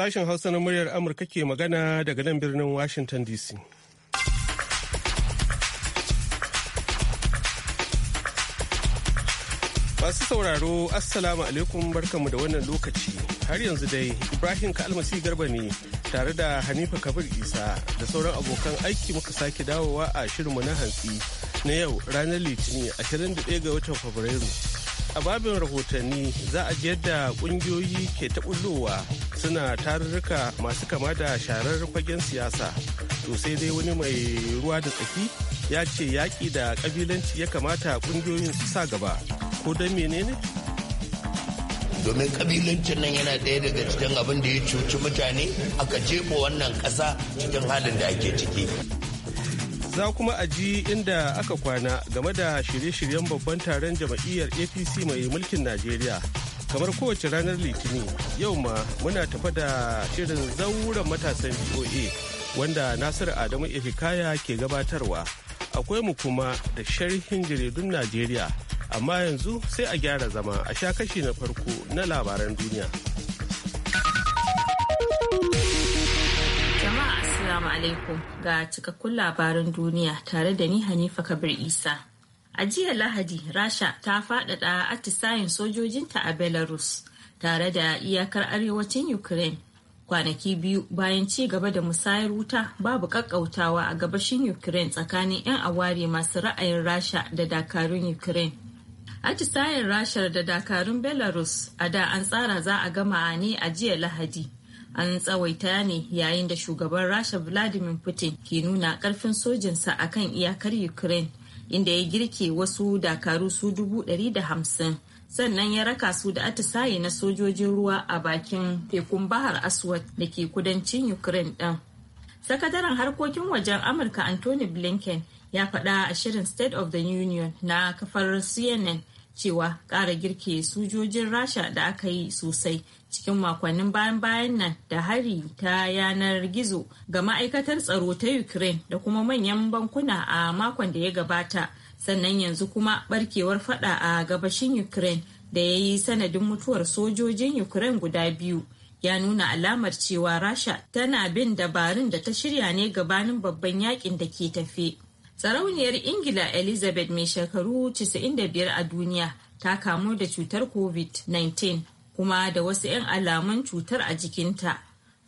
Sashen Hausa na muryar Amurka ke magana daga nan birnin Washington DC. Masu sauraro, Assalamu alaikum barkanmu da wannan lokaci. Har yanzu dai, Ibrahim Kalmasi Garba ne tare da Hanifa Kabir Isa da sauran abokan aiki muka sake dawowa a shirinmu na hantsi na yau ranar Litinin 21 ga watan Fabrairu. a babin rahotanni za a ji yadda kungiyoyi ke taɓullowa suna tarurruka masu kama da sharar fagen siyasa to sai dai wani mai ruwa da tsaki ya ce yaƙi da ƙabilanci ya kamata kungiyoyin su sa gaba ko don menene domin kabilancin nan yana ɗaya daga cikin abin da ya cuci mutane aka jefa wannan ƙasa cikin halin da ake ciki za kuma a ji inda aka kwana game da shirye-shiryen babban taron jama'iyyar apc mai mulkin najeriya kamar kowace ranar litinin yau ma muna tafa da shirin zauren matasan voa wanda nasiru adamu ifikaya ke gabatarwa akwai mu kuma da sharhin jaridun najeriya amma yanzu sai a gyara zama a sha kashi na farko na labaran duniya. Assalamu alaikum ga cikakkun labaran duniya tare da ni Hanifa Kabir Isa. A jiya Lahadi, Rasha ta faɗaɗa atisayen sojojinta a Belarus tare da iyakar arewacin Ukraine kwanaki biyu bayan ci gaba da musayar wuta babu kakkautawa a gabashin Ukraine tsakanin 'yan aware masu ra'ayin Rasha da dakarun Ukraine. Atisayen rasha da dakarun Belarus a da an tsara za a gama ne a jiya Lahadi. an tsawaita ne yayin da shugaban rasha vladimir putin ke nuna karfin sojinsa a kan iyakar ukraine inda ya girke wasu dakaru su dubu dari da hamsin sannan ya raka su da atisaye na sojojin ruwa a bakin tekun bahar aswad da ke kudancin ukraine ɗin sakataren harkokin wajen amurka anthony blinken ya faɗa a shirin state of the union na kafar cnn cewa ƙara girke sojojin rasha da aka yi sosai cikin makonnin bayan-bayan nan da hari ta yanar gizo ga ma'aikatar tsaro ta ukraine da kuma manyan bankuna a makon da ya gabata sannan yanzu kuma barkewar fada a gabashin ukraine da ya yi sanadin mutuwar sojojin ukraine guda biyu ya nuna alamar cewa rasha tana bin dabarun da ta shirya ne gabanin babban yakin da ke tafe sarauniyar ingila elizabeth mai shekaru 95 a duniya ta kamu da cutar covid-19 kuma da wasu 'yan alamun cutar a jikinta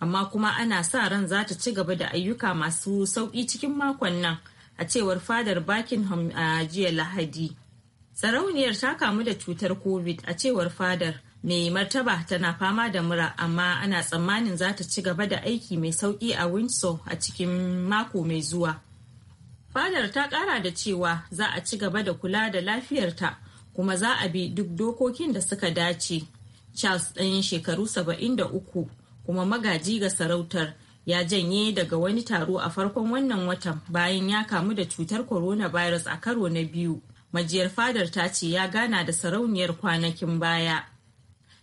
amma kuma ana sa ran za ta ci gaba da ayyuka masu sauƙi cikin makon nan a cewar fadar buckingham a jiya lahadi sarauniyar ta kamu da cutar covid a cewar fadar mai martaba tana fama da mura amma ana tsammanin za ta ci gaba da aiki mai sauƙi a windsor a cikin mako mai zuwa fadar ta ƙara da cewa za a ci gaba da kula da lafiyarta kuma za a bi duk dokokin da suka dace charles ɗan shekaru 73 kuma magaji ga sarautar ya janye daga wani taro a farkon wannan watan bayan ya kamu da cutar coronavirus a karo na biyu majiyar fadar ta ce ya gana da sarauniyar kwanakin baya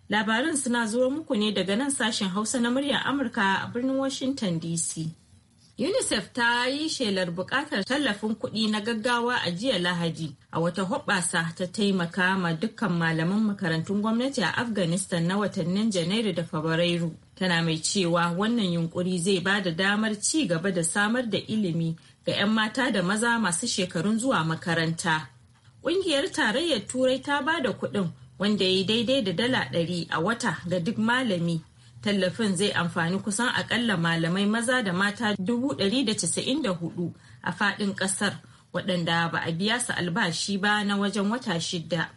Labarin suna zuwa muku ne daga nan sashen hausa na muryar amurka a birnin washington dc UNICEF ta yi shelar buƙatar tallafin kuɗi na gaggawa a jiya Lahadi a wata hoɓasa ta taimaka ma dukkan malaman makarantun gwamnati a Afghanistan na watannin Janairu da Fabrairu. Tana mai cewa wannan yunkuri zai ba da damar ci gaba da samar da ilimi ga 'yan mata da maza masu shekarun zuwa makaranta. Ƙungiyar Tarayyar Turai ta ba da kuɗin wanda ya yi daidai da dala ɗari a wata ga duk malami Tallafin zai amfani kusan akalla malamai maza da mata 194 a faɗin ƙasar waɗanda ba a biya su albashi ba na wajen wata shida.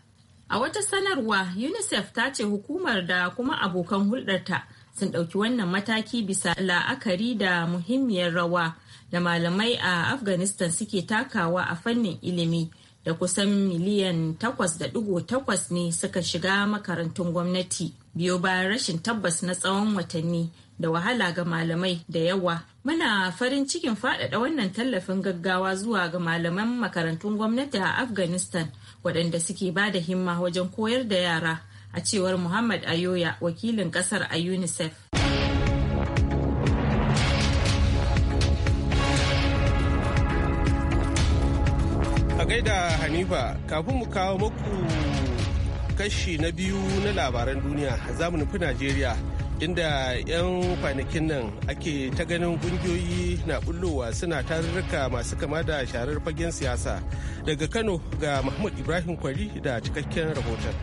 A wata sanarwa UNICEF ta ce hukumar da kuma abokan hulɗarta sun ɗauki wannan mataki bisa la'akari da muhimmiyar rawa da malamai a Afghanistan suke takawa a fannin ilimi. da kusan miliyan 8.8 ne suka shiga makarantun gwamnati biyo bayan rashin tabbas na tsawon watanni da wahala ga malamai da yawa muna farin cikin faɗaɗa wannan tallafin gaggawa zuwa ga malaman makarantun gwamnati a afghanistan waɗanda suke ba da himma wajen koyar da yara a cewar muhammad ayoya wakilin ƙasar a unicef a gaida Hanifa kafin mu kawo muku kashi na biyu na labaran duniya za mu nufi Najeriya inda 'yan kwanakin nan ake ta ganin kungiyoyi na bullowa suna tarurruka masu kama da sharar fagen siyasa daga Kano ga muhammad Ibrahim Kwari da cikakken rahoton.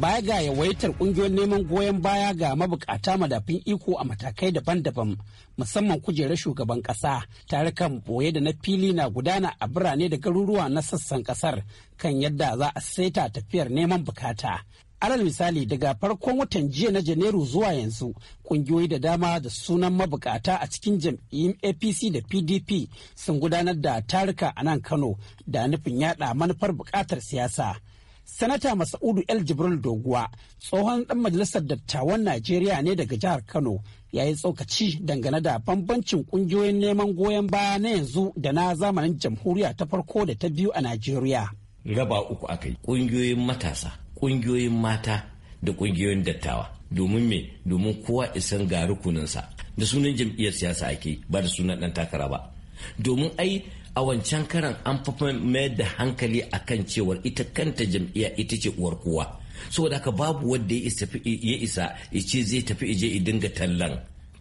baya ga yawaitar kungiyoyin neman goyon baya ga mabukata madafin iko a matakai daban-daban musamman kujerar shugaban kasa tare kan boye da na fili na gudana a birane da garuruwa na sassan kasar kan yadda za a saita tafiyar neman bukata alal misali daga farkon watan jiya na janairu zuwa yanzu kungiyoyi da dama da sunan mabukata a cikin jam'iyyun apc da pdp sun gudanar da tarika a nan kano da nufin yada manufar bukatar siyasa Sanata Masaudu El Jibril Doguwa tsohon ɗan majalisar dattawan Najeriya ne daga jihar Kano ya yi tsokaci dangane da bambancin ƙungiyoyin neman goyon baya na yanzu da na zamanin jamhuriya ta farko da ta biyu a Najeriya. Raba uku aka yi ƙungiyoyin matasa, ƙungiyoyin mata da ƙungiyoyin dattawa. Domin me? Domin kowa isan ga rukuninsa. Da sunan jam'iyyar siyasa ake ba da sunan ɗan takara ba. Domin ai a wancan karan an fafa mayar da hankali a kan cewar ita kanta jam'iyya ita ce uwar kowa saboda haka babu wanda ya isa ya ce zai tafi ije ya dinga tallan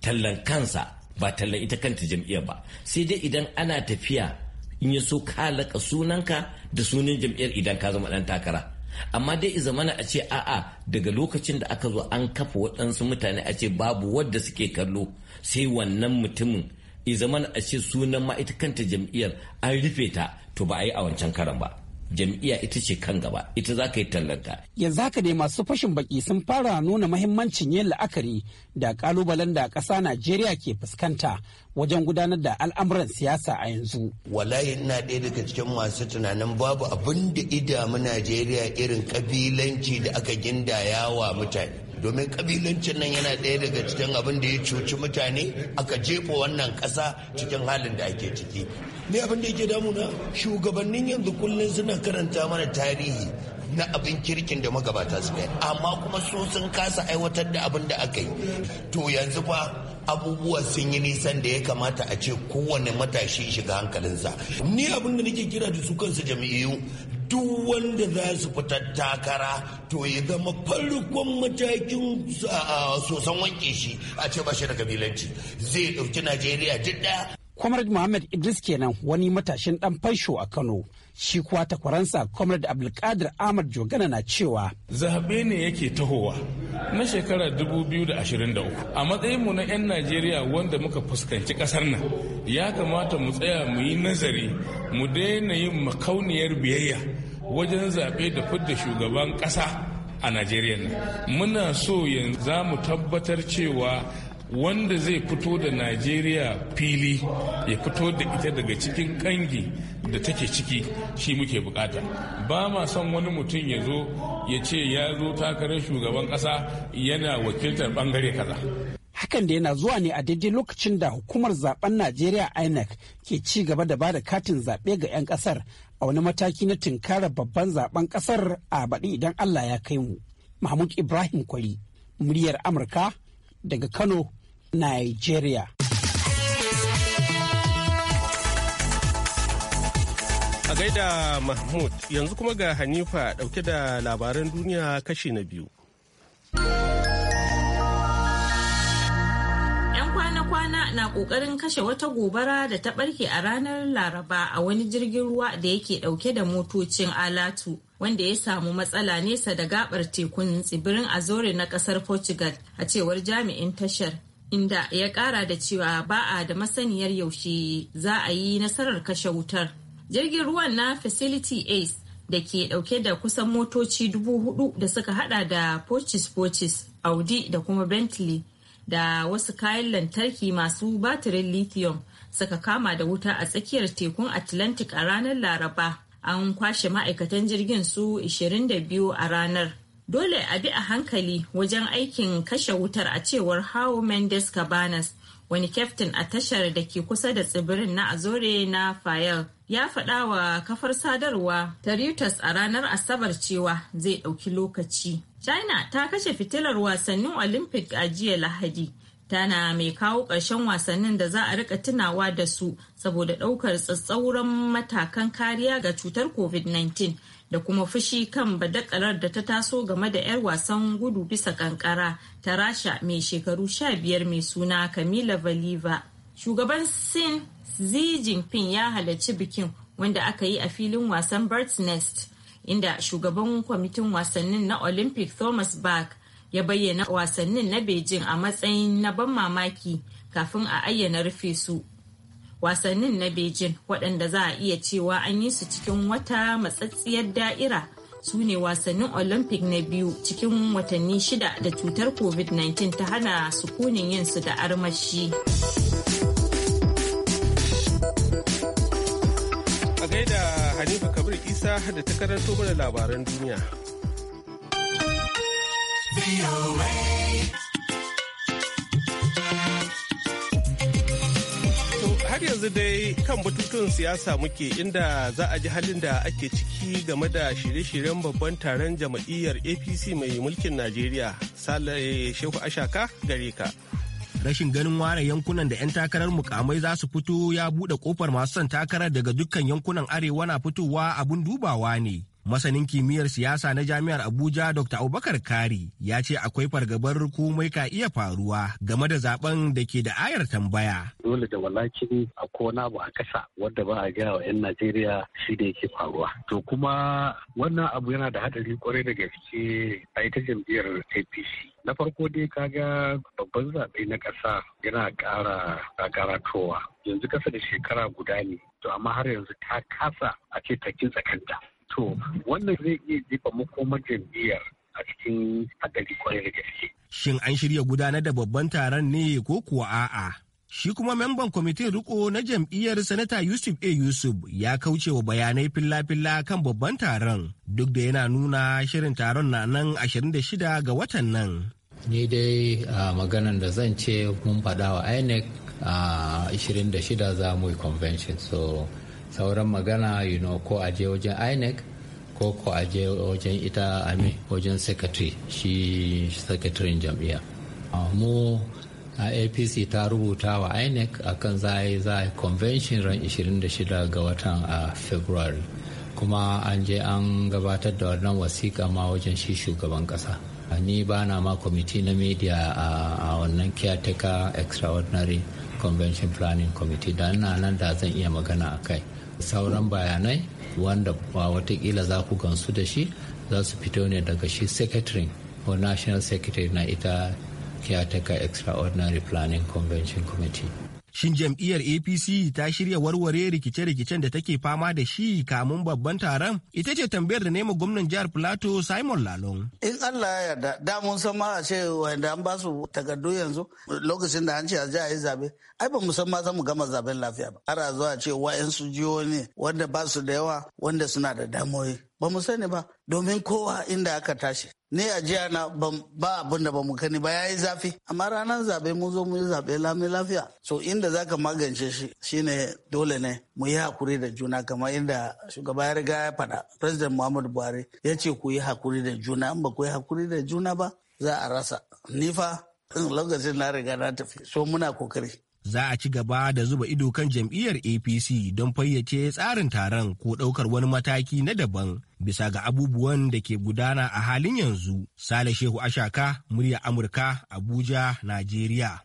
tallan kansa ba tallan ita kanta jam'iyya ba sai dai idan ana tafiya in ya so ka sunanka da sunan jam'iyyar idan ka zama dan takara amma dai zamana a ce a'a daga lokacin da aka zo an kafa waɗansu mutane a ce babu wadda suke kallo sai wannan mutumin i zaman a ce sunan ma ita kanta jam'iyyar an rufe ta to ba a yi a wancan karan ba jam'iyya ita ce kan gaba ita za ka yi tallanta. yanzu haka dai masu fashin baki sun fara nuna mahimmancin yin la'akari da kalubalen da ƙasa najeriya ke fuskanta wajen gudanar da al'amuran siyasa a yanzu. Walayi ina ɗaya daga cikin masu tunanin babu abin da idamu najeriya irin kabilanci da aka gindaya wa mutane domin kabilancin nan yana ɗaya daga cikin abin da ya cuci mutane aka jefa wannan ƙasa cikin halin da ake ciki ne abin da yake damuna shugabannin yanzu kullum suna karanta mana tarihi na abin kirkin da magabata su kai amma kuma su sun kasa aiwatar da abin da aka yi to yanzu fa abubuwa sun yi nisan da ya kamata a ce kowane matashi shiga hankalinsa ni abin da nake kira da su kansu jam'iyyu. duk wanda za su fita takara to ya zama farkon matakin sosan wanke shi a ce ba shi da kabilanci zai ɗauki najeriya duk ɗaya. Muhammad Idris kenan wani matashin ɗan fansho a Kano shi kuwa ta kwaransa comrade abdulkadir ahmad jogana na cewa zaɓe ne yake tahowa na shekarar 2023 a matsayinmu na 'yan najeriya wanda muka fuskanci ƙasar nan ya kamata mu tsaya mu yi nazari mu daina yin makauniyar biyayya wajen zaɓe da fidda shugaban ƙasa a najeriya muna so yanzu za mu tabbatar cewa wanda zai fito da najeriya fili ya fito da ita daga cikin kangi da take ciki shi muke bukata ba ma son wani mutum ya zo ya ce ya zo takarar shugaban kasa yana wakiltar bangare kaza hakan da yana zuwa ne a daidai lokacin da hukumar zaben najeriya inec ke ci gaba da bada katin zaɓe ga 'yan ƙasar a wani mataki na tunkara babban zaben ƙasar a baɗi idan allah ya kai mu mahmud ibrahim kwari muryar amurka daga kano Nigeria. A gaida Mahmud yanzu kuma ga Hanifa dauke da labaran duniya kashi na biyu. kwana na kokarin kashe wata gobara da ta barke a ranar laraba a wani jirgin ruwa da yake dauke da motocin alatu wanda ya samu matsala nesa da gabar tekun tsibirin azore na kasar portugal a cewar jami'in tashar inda ya kara da cewa ba a da masaniyar yaushe za a yi nasarar kashe wutar jirgin ruwan na facility ace da ke dauke da kusan motoci dubu hudu da suka hada da porches porches audi da kuma bentley da wasu kayan lantarki masu batirin lithium suka kama da wuta a tsakiyar tekun atlantic a ranar laraba an kwashe ma'aikatan jirgin su 22 a ranar dole a bi a hankali wajen aikin kashe wutar a cewar hau mendes cabanas wani kyaftin a tashar da ke kusa da tsibirin na azore na fayel ya faɗa wa kafar sadarwa ta reuters a ranar asabar cewa zai ɗauki lokaci china ta kashe fitilar wasannin olympic a jiya lahadi tana mai kawo ƙarshen wasannin da za a rika tunawa da su saboda ɗaukar tsatsauran matakan kariya ga cutar covid-19 da kuma fushi kan badakarar da ta taso game da 'yar wasan gudu bisa kankara ta rasha mai shekaru 15 mai suna kamila valiva shugaban sin xi jinping ya halarci bikin wanda aka yi a filin wasan bird's nest inda shugaban kwamitin wasannin na olympic thomas bach ya bayyana wasannin na beijing a matsayin na ban mamaki kafin a ayyana rufe su wasannin na beijing waɗanda za a iya cewa an yi su cikin wata matsatsiyar da'ira su ne wasannin olympic na biyu cikin watanni shida da cutar covid-19 ta hana sukunin yin su da armashi a gaida hanifa kabir isa da ta karanto mana labaran duniya. har yanzu dai kan batutun siyasa muke inda za a ji halin da ake ciki game da shirye-shiryen babban taron jama'iyyar apc mai mulkin najeriya salaye shehu ashaka gare ka rashin ganin ware yankunan da 'yan takarar mukamai za su fito ya buɗe kofar masu son takarar daga dukkan yankunan arewa na fitowa abun dubawa ne Masanin kimiyyar siyasa na jami'ar Abuja Dr. Abubakar Kari ya ce akwai fargabar komai ka iya faruwa game da zaben da ke da ayar tambaya. Dole da walakin a kona ba a kasa wadda ba a gaya wa 'yan Najeriya shi da yake faruwa. To kuma wannan abu yana da hadari kwarai da gaske a ita jam'iyyar APC. Na farko dai ka ga babban zaɓe na ƙasa yana ƙara karatowa. Yanzu kasa da shekara guda ne. To amma har yanzu ta kasa a ce ta kintsa kanta. to wannan zai iya jefa makoman jam'iyyar a cikin haɗari kwarai da gaske. Shin an shirya gudanar da babban taron ne ko kuwa a'a? Shi kuma memban kwamitin riko na jam'iyyar Sanata Yusuf A. Yusuf ya kauce wa bayanai filla-filla kan babban taron duk da yana nuna shirin taron na nan 26 ga watan nan. Ni dai a maganan da zan ce mun faɗa wa INEC a 26 za mu yi convention so sauran magana you know, ko a je wajen inec ko ko a je wajen ita ame wajen secretary shi secretary jam'iyya mu a apc ta rubuta wa inec akan zai zai convention ran 26 ga watan a february kuma an je an gabatar da wannan wasiƙa ma wajen shi shugaban ƙasa ni ba na ma kwamiti na media a wannan caretaker extraordinary convention planning committee da ina nan da zan iya magana a kai sauran bayanai wanda ba watakila za ku gansu da shi za su fito ne daga shi secretary ko national secretary na ita caretaker extraordinary planning convention committee Shin jam'iyyar APC ta shirya warware rikice-rikicen da take fama da shi kamun babban taron? Ita ce tambayar da nema gwamnan jihar plato Simon Lalon. In Allah ya yarda, da mun san ma a ce wanda an ba su takardu yanzu lokacin da an ce a ji a yi zabe. Ai ba mu san ma za mu gama zaben lafiya ba. Ara zuwa ce 'yansu jiyo ne wanda ba su da yawa wanda suna da damoyi. ba mu sani ba domin kowa inda aka tashi ni a jiya na ba abin da ba mu gani ba ya yi zafi amma ranar zabe mun zo mu yi zabe lami lafiya so inda za ka magance shi shine dole ne mu yi hakuri da juna kamar inda shugaba ya riga ya faɗa president muhammadu buhari ya ce ku yi hakuri da juna in ba ku yi hakuri da juna ba za a rasa nifa fa lokacin na riga na tafi so muna kokari za a ci gaba da zuba ido kan jam'iyyar apc don fayyace tsarin taron ko ɗaukar wani mataki na daban bisa ga abubuwan da ke gudana a halin yanzu sale shehu ashaka murya amurka abuja najeriya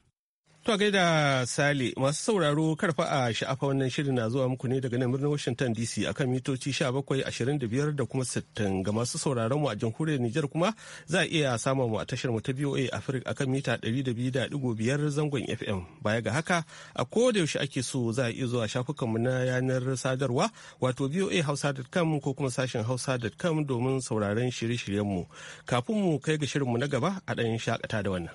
To gaida Sale masu sauraro karfa a sha'afa wannan shirin na zuwa muku ne daga nan birnin Washington DC akan mitoci 1725 da kuma 60 ga masu sauraron mu a jamhuriyar Nijar kuma za a iya samun mu a tashar mu ta BOA Africa akan mita 200.5 zangon FM. Baya ga haka a koda yaushe ake so za a iya zuwa shafukan mu na yanar sadarwa wato boahausa.com ko kuma sashen hausa.com domin sauraron shirye-shiryen mu. Kafin mu kai ga shirin mu na gaba a ɗan shakata da wannan.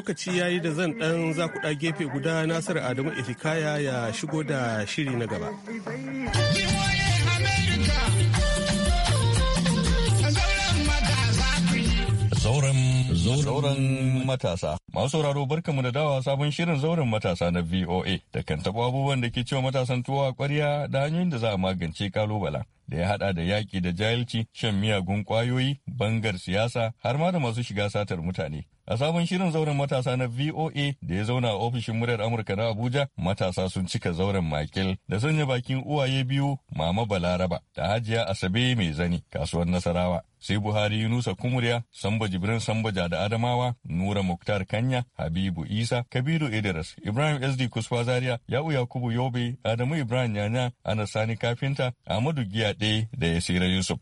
lokaci ya yi da zan dan zakuɗa gefe guda Nasir Adamu Ifikaya ya shigo da shiri na gaba. Zauren matasa. Masu sauraro barkamu da dawa sabon shirin zauren matasa na VOA da kan taɓa abubuwan da ke cewa matasan tuwa a ƙwarya da hanyoyin da za a magance kalubala. da ya hada da yaƙi da jahilci, shan miyagun ƙwayoyi, bangar siyasa, har ma da masu shiga satar mutane. A sabon shirin zauren matasa na VOA da ya zauna a ofishin muryar Amurka na Abuja, matasa sun cika zauren makil da sanya bakin uwaye biyu Mama Balaraba da Hajiya Asabe mai zani kasuwar Nasarawa. Sai Buhari Yunusa kumurya Samba Jibrin Sambaja da Adamawa, Nura Muktar Kanya, Habibu Isa, Kabiru Idris, Ibrahim SD Kuswa Zaria, Ya'u Yakubu Yobe, Adamu Ibrahim Yanya, Anasani Kafinta, Amadu Giya kuɗaɗe da ya sira Yusuf.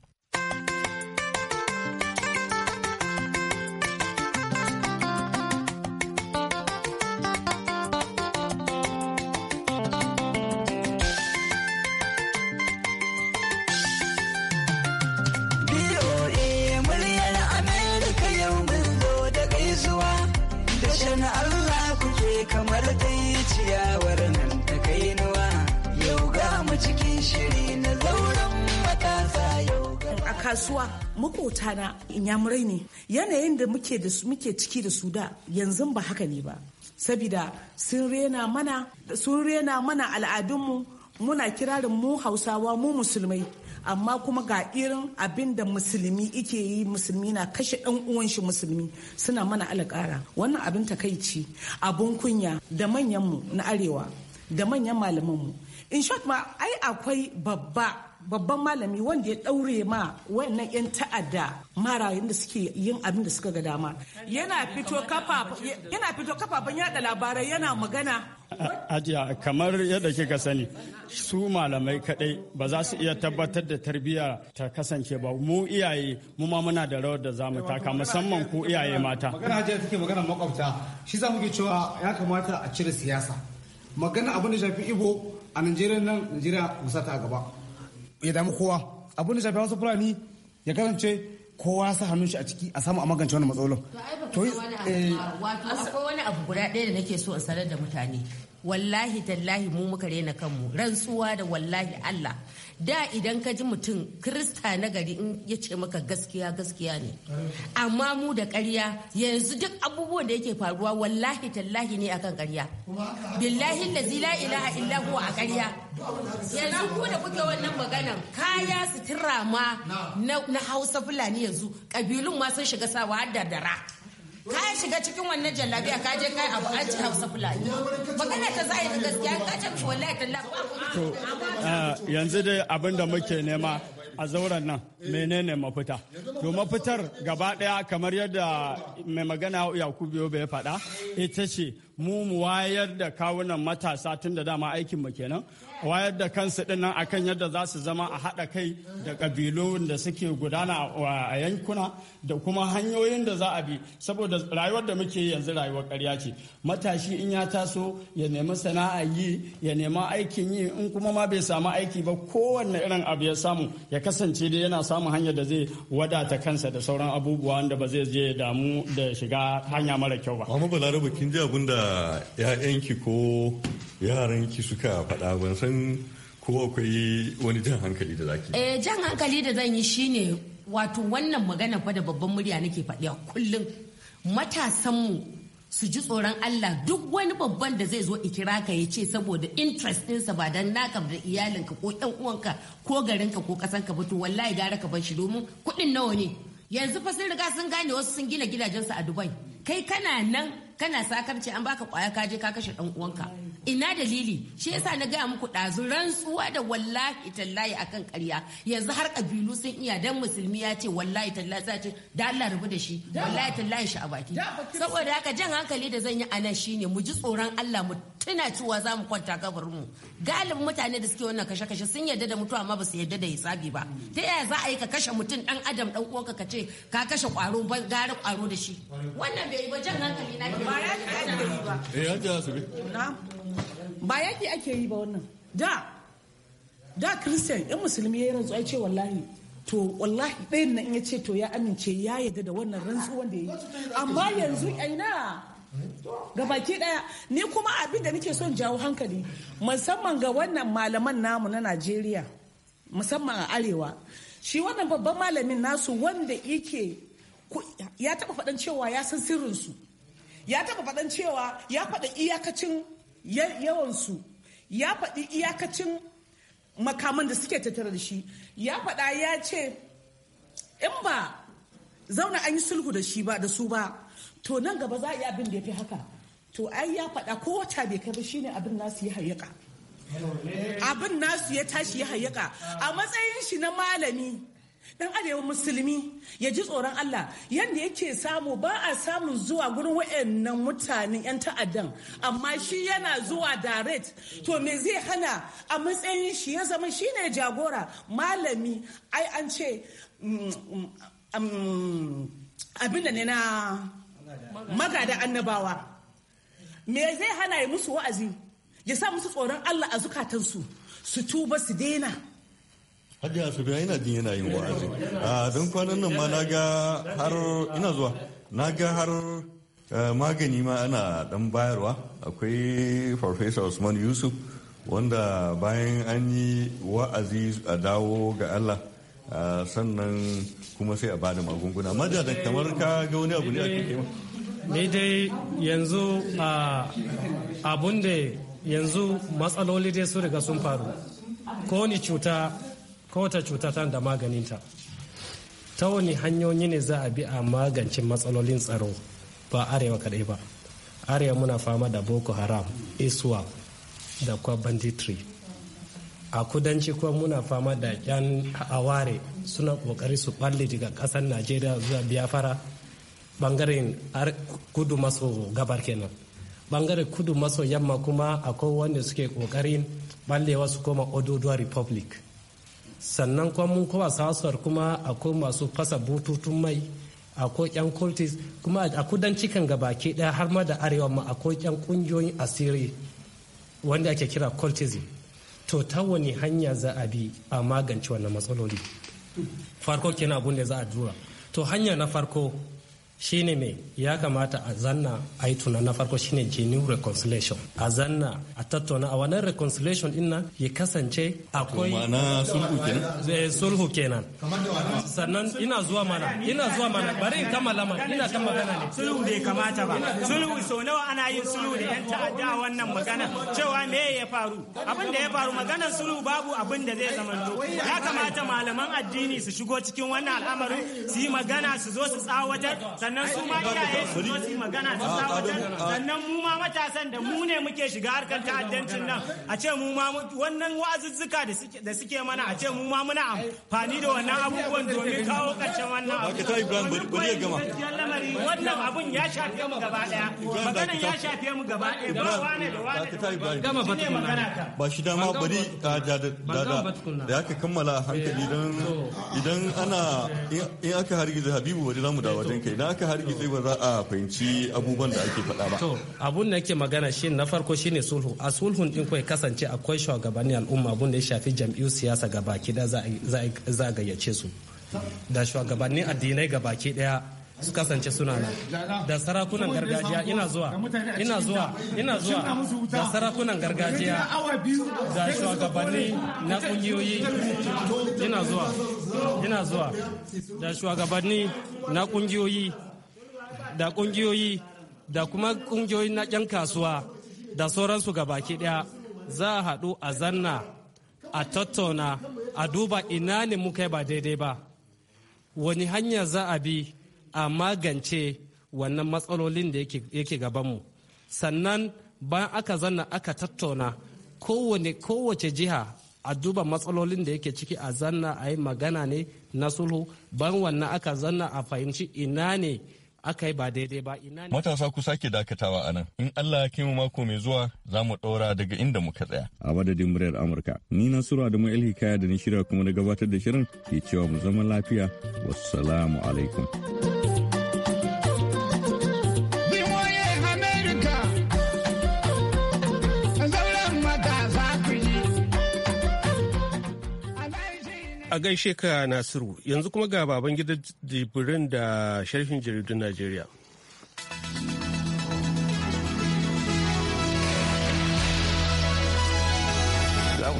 inyamurai ne yanayin da muke ciki da su da yanzu ba haka ne ba sabida sun rena mana al'adunmu muna kirarin mu hausawa mu musulmai amma kuma ga irin abin da musulmi ike yi musulmi na kashe dan uwan shi musulmi suna mana alƙara wannan abin takaici abun kunya da manyanmu na arewa da manyan malamanmu in short ma ai akwai babba babban malami wanda ya daure ma wannan 'yan ta'adda marayen da suke yin abin da suka ga dama yana fito kafafen yada labarai yana magana ajiya kamar yadda kika sani su malamai kadai ba za su iya tabbatar da tarbiyya ta kasance ba mu iyaye mu ma muna da rawar da zamu taka musamman ku iyaye mata magana ajiya take magana makwabta shi za mu cewa ya kamata a cire siyasa magana abin da shafi ibo a najeriya nan najeriya musata ta gaba ya damu kowa abin da shafi wasu fulani ya kasance kowa sa hannun shi a ciki a samu a magance wannan matsalolin. To ai eh, wato akwai wani abu guda ɗaya da nake so in sanar da mutane. Wallahi tallahi mu muka rena kanmu rantsuwa da wallahi Allah da idan ka ji mutum krista na gari in ya ce maka gaskiya gaskiya ne amma mu da ƙarya yanzu duk abubuwan da yake faruwa wallahi tallahi ne akan ƙarya billahi lazi la ilaha illa huwa a karya. yanzu ku da kuke wannan maganan kaya sutura ma na hausa fulani yanzu ƙabilun ma sun shiga sawa har da dara ka shiga cikin wannan jallabiya ka je kai abu an ci hausa fulani magana ta zai da gaskiya ka ce mishi wallahi talla eh, yanzu dai abin da muke nema a zauren nan menene mafita to mafitar gaba daya kamar yadda mai magana yakubu yobe ya faɗa ita ce mu mu wayar da kawunan matasa tun da dama aikin mu kenan wayar da kansu din nan akan yadda za su zama a haɗa kai da ƙabilun da suke gudana a yankuna da kuma hanyoyin da za a bi saboda rayuwar da muke yanzu rayuwar ƙarya ce matashi in ya taso ya nemi sana'a yi ya nemi aikin yi in kuma ma bai samu aiki ba kowanne irin abu ya samu ya kasance dai yana samun hanyar da zai wadata kansa da sauran abubuwa da ba zai je damu da shiga hanya mara kyau ba. Amma kin ji abin da 'ya'yanki ko yaranki suka faɗa ban san ko akwai wani jan hankali da zaki eh jan hankali da zan yi shine wato wannan magana fa da babban murya nake faɗi a kullum matasanmu su ji tsoron Allah duk wani babban da zai zo ikira ka ya ce saboda interest ɗinsa ba dan naka da iyalinka ko ƴan uwanka ko garinka ko ƙasanka ba to wallahi gara ka bar shi domin kuɗin nawa ne yanzu fa sun riga sun gane wasu sun gina gidajensu a Dubai kai kana nan kana sakarci an baka kwaya kaje ka kashe dan uwanka ina dalili shi yasa na gaya muku dazu rantsuwa da wallahi tallahi akan ƙarya yanzu har kabilu sun iya dan musulmi ya ce wallahi tallahi za ce da Allah rubu da shi wallahi tallahi shi a baki saboda haka jan hankali da zan yi anan shine mu ji tsoron Allah mu tuna cewa za mu kwanta kabarin mu galibin mutane da suke wannan kashe kashe sun yarda da mutuwa amma ba su yarda da hisabi ba ta yaya za a yi ka kashe mutum dan adam dan uwanka ka ce ka kashe kwaro gari kwaro da shi wannan bai ba ya ke ake yi ba eh ake yi ba wannan da da christian yan musulmi ya rantsu rantsuwa ce wallahi to wallahi ɗayan nan ya ce to ya amince ya yadda da wannan rantsuwan da ya yi amma yanzu aina ga baki ɗaya ni kuma abin da nake son jawo hankali musamman ga wannan malaman namu na najeriya musamman a arewa shi wannan babban malamin nasu wanda yake ya taba faɗan cewa ya san sirrinsu ya taba faɗan cewa ya faɗi iyakacin yawansu ya faɗi iyakacin makaman da suke tattara da shi ya faɗa ya ce in ba zauna an yi sulhu da shi ba da su ba to nan gaba za a yi abin da ya fi haka to ai ya faɗa ko wata bai kai ba shine abin nasu ya hayyaka abin nasu ya tashi ya hayyaka a matsayin shi na malami dan arewa musulmi ya ji tsoron Allah yadda yake samu ba a samu zuwa gurin wayannan mutane yan ta'addan amma shi yana zuwa direct to me zai hana a matsayin shi ya zama shi ne jagora malami ai an ce mm, mm, mm, abin da ne na magada annabawa me zai hana ya musu wa'azi ya sa musu tsoron Allah a zukatansu su tuba su daina Hajji Asubiya ina jin yana yin wa'azi. Don kwanan nan ma na ga har ina zuwa. Na ga har eh, magani ma ana dan bayarwa akwai Farfesa Usman Yusuf wanda bayan an yi wa'azi a dawo ga Allah sannan kuma sai a bada magunguna. da kamar ka ga wani abu ne a Ni dai yanzu abun da yanzu matsaloli dai su riga sun faru. Ko ni cuta kowace cuta tana da maganinta ta wani hanyoyi ne za a bi a magance matsalolin tsaro ba arewa kadai ba arewa muna fama da boko haram iswa da kwa banditry a kudanci kuma muna fama da yan aware suna kokari su balle daga kasar najeriya zuwa biyafara bangaren kudu maso gabar kenan bangaren kudu maso yamma kuma akwai wanda suke kokarin ballewa su koma ododuwa republic sannan kuma mun kowa sasuwar kuma akwai masu fasa bututun mai akwai yan cultist kuma a kudanci kan baki daya har ma da arewa ma akwai yan kungiyoyin asiri wanda ake kira cultism to ta wani hanya za a bi a magance wannan matsaloli farko kenan abun da za a dura to hanya na farko shine me ya kamata a zanna a yi tunan na farko shine genuine reconciliation a zanna a tattauna a wannan reconciliation din ya kasance akwai eh, sulhu kenan sannan ina zuwa mana ina zuwa mana bari in kammala ma ina ta magana ne sulhu bai kamata ba sulhu sau nawa ana yin sulhu da yan ta'adda a wannan magana cewa me ya faru abin da ya faru maganar sulhu babu abin da zai do ya kamata malaman addini su shigo cikin wannan al'amarin su yi magana su zo su tsawatar sannan su ma iyaye su zo su magana su sa wajen ah, ah, ah. sannan mu ma matasan da mu ne muke shiga harkar ta'addancin nan a ce mu ma wannan wa'azuzzuka da suke mana a ce mu ma muna amfani da wannan abubuwan domin kawo ƙarshen wannan abu. Wannan abun ya shafe mu gaba daya magana ya shafe mu gaba daya ba wane da wane da wane ne magana ta. Ba shi dama bari ka da da ya ka kammala hankali idan ana in aka hargiza Habibu wajen zamu da wajen kai. har gizo ba za a fahimci abubuwan da ake faɗa ba to abun da yake magana shi na farko shine sulhu a sulhun din kai kasance akwai shugabanni al'umma abun da ya shafi jam'iyyu siyasa gabaki da za a gayyace su da shugabannin addinai gabaki daya su kasance suna nan da sarakunan gargajiya ina zuwa ina zuwa ina zuwa da sarakunan gargajiya da shugabanni na kungiyoyi ina zuwa ina zuwa da shugabanni na kungiyoyi da kungiyoyi da kuma ƙungiyoyi na yan kasuwa da sauransu ga baki daya za a haɗu a zanna a tattauna a duba ina ne muka yi ba daidai ba wani hanya za a bi a magance wannan matsalolin da yake gabanmu sannan bayan aka zanna aka tattauna kowace jiha a duba matsalolin da yake ciki a zanna a yi magana ne na sulhu ban wannan aka zanna a fahimci ina ne aka yi ba daidai ba ina ne. Matasa ku sake dakatawa a nan. In Allah ya kaimu mako mai zuwa za mu ɗaura daga inda muka tsaya. A madadin muryar Amurka. Ni na Sura da Ma'il Hikaya da ni shirya kuma na gabatar da shirin ke cewa mu zama lafiya. Wassalamu alaikum. A gaishe ka Nasiru, yanzu kuma ga baban gidan dibirin da sharhin jaridun Najeriya.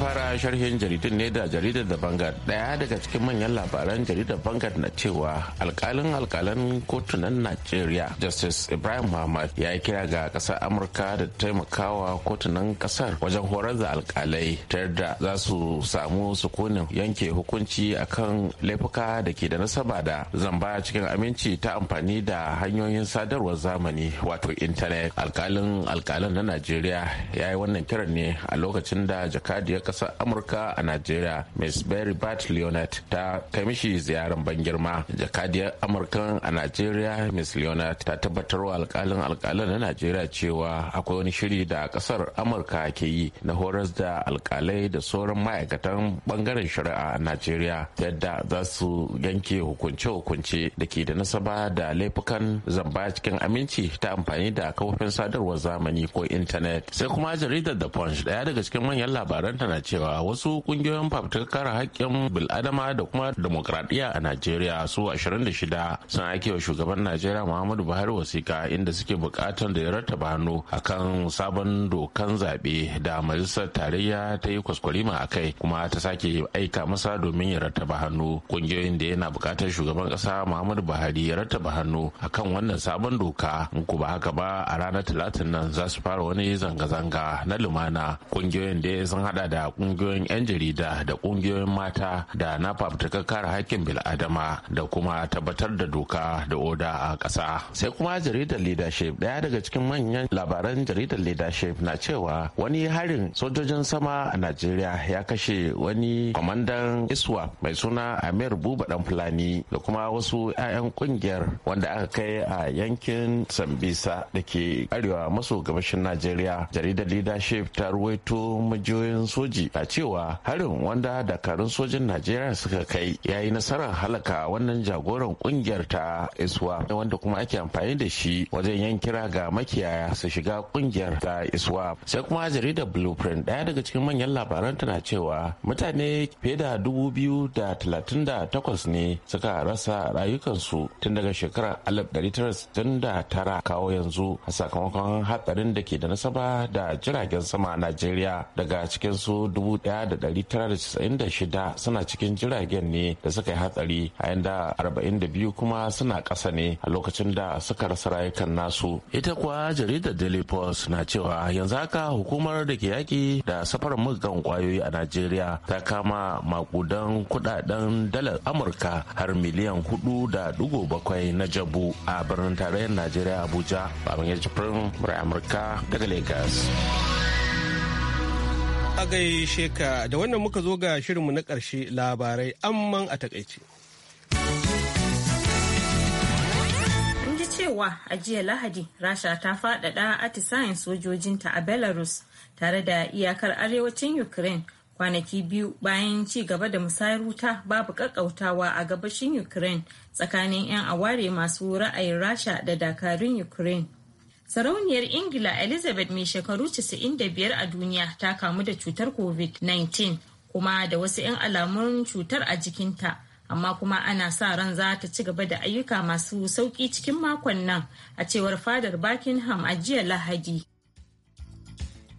fara sharhin jaridun ne da jaridar da bangar daya daga cikin manyan labaran jaridar bangar na cewa alkalin alkalin kotunan najeriya justice ibrahim muhammad ya yi kira ga kasar amurka da taimakawa kotunan kasar wajen horar da alkalai ta yadda za su samu sukunin yanke hukunci akan laifuka da ke da nasaba da zamba cikin aminci ta amfani da hanyoyin sadarwar zamani wato intanet alkalin alkalin na najeriya ya yi wannan kiran ne a lokacin da jakadiyar ƙasar amurka a najeriya miss berry bat leonard ta kai mishi ziyarar ban girma jakadiyar amurka a najeriya miss leonard ta tabbatar wa alkalin alkalin na najeriya cewa akwai wani shiri da ƙasar amurka ke yi na horas da alkalai da sauran ma'aikatan bangaren shari'a a najeriya yadda za su yanke hukunce-hukunce da ke da nasaba da laifukan zamba cikin aminci ta amfani da kafofin sadarwar zamani ko intanet sai kuma jaridar da punch daya daga cikin manyan labaran ta cewa wasu kungiyoyin fafutukar kare haƙƙin bil'adama da kuma demokradiyya a najeriya su 26 sun aike wa shugaban najeriya muhammadu buhari wasika inda suke buƙatar da ya rattaba hannu akan sabon dokan zaɓe da majalisar tarayya ta yi kwaskwarima a kai kuma ta sake aika masa domin ya rattaba hannu kungiyoyin da yana buƙatar shugaban ƙasa muhammadu buhari ya rattaba hannu akan wannan sabon doka in ba haka ba a ranar talatin nan za su fara wani zanga-zanga na lumana kungiyoyin da sun hada da kungiyoyin 'yan jarida da kungiyoyin mata da na fafutukar kare hakkin bil'adama da kuma tabbatar da doka da oda a ƙasa sai kuma jaridar leadership ɗaya daga cikin manyan labaran jaridar leadership na cewa wani harin sojojin sama a najeriya ya kashe wani kwamandan iswa mai suna amir buba dan fulani da kuma wasu 'ya'yan kungiyar wanda aka kai a yankin sambisa da ke arewa maso gabashin najeriya jaridar leadership ta ruwaito majiyoyin soji A a cewa harin wanda dakarun sojin najeriya suka kai ya yi nasarar halaka wannan jagoran kungiyar ta iswa wanda kuma ake amfani da shi wajen yan kira ga makiyaya su shiga kungiyar ta iswa sai kuma jaridar blueprint daya daga cikin manyan labaran tana cewa mutane fiye da dubu biyu da talatin da takwas ne suka rasa rayukansu tun daga shekarar alif dari tara sittin da tara kawo yanzu a sakamakon hatsarin da ke da nasaba da jiragen sama a najeriya daga cikin cikinsu 1,996 suna cikin jiragen ne da suka yi hatsari a yanda 42 kuma suna ƙasa ne a lokacin da suka rasa rayukan nasu. Ita kuwa jaridar Daily Post na cewa yanzu haka hukumar da ke yaƙi da safar mugan kwayoyi a Najeriya ta kama makudan kudaden dalar Amurka har miliyan hudu da dugo bakwai na jabu a birnin tarayyar Najeriya Abuja. Babban Yajibirin Amurka daga Lagos. A gaishe ka da wannan muka zo ga shirinmu na ƙarshe labarai amman a takaice. cewa a jiya lahadi rasha ta faɗaɗa atisayen sojojinta a belarus tare da iyakar arewacin ukraine kwanaki biyu bayan ci gaba da musayar wuta babu kakkautawa a gabashin ukraine tsakanin 'yan aware masu ra'ayin rasha da dakarun ukraine Sarauniyar Ingila Elizabeth mai shekaru 95 a duniya ta kamu da cutar COVID-19 kuma da wasu 'yan alamun cutar a jikinta. Amma kuma ana sa ran za ta ci gaba da ayyuka masu sauƙi cikin makon nan a cewar fadar Buckingham a jiya Lahadi.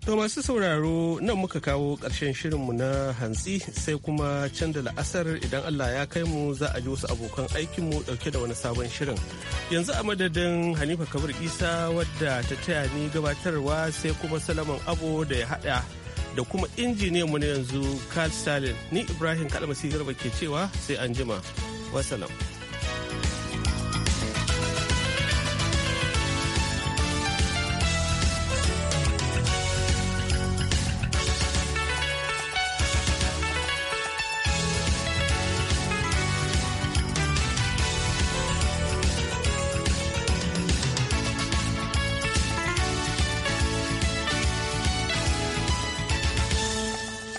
To masu sauraro nan muka kawo ƙarshen shirinmu na hantsi sai kuma canza la'asar idan Allah ya kai mu za a ji wasu abokan aikinmu ɗauke da wani sabon shirin. Yanzu a madadin Hanifa Kabir Isa wadda ta taya ni gabatarwa sai kuma Salaman Abo da ya haɗa da kuma injiniyan mu na yanzu Carl Stalin ni Ibrahim Kalmasi Garba ke cewa sai an jima. Wasalam.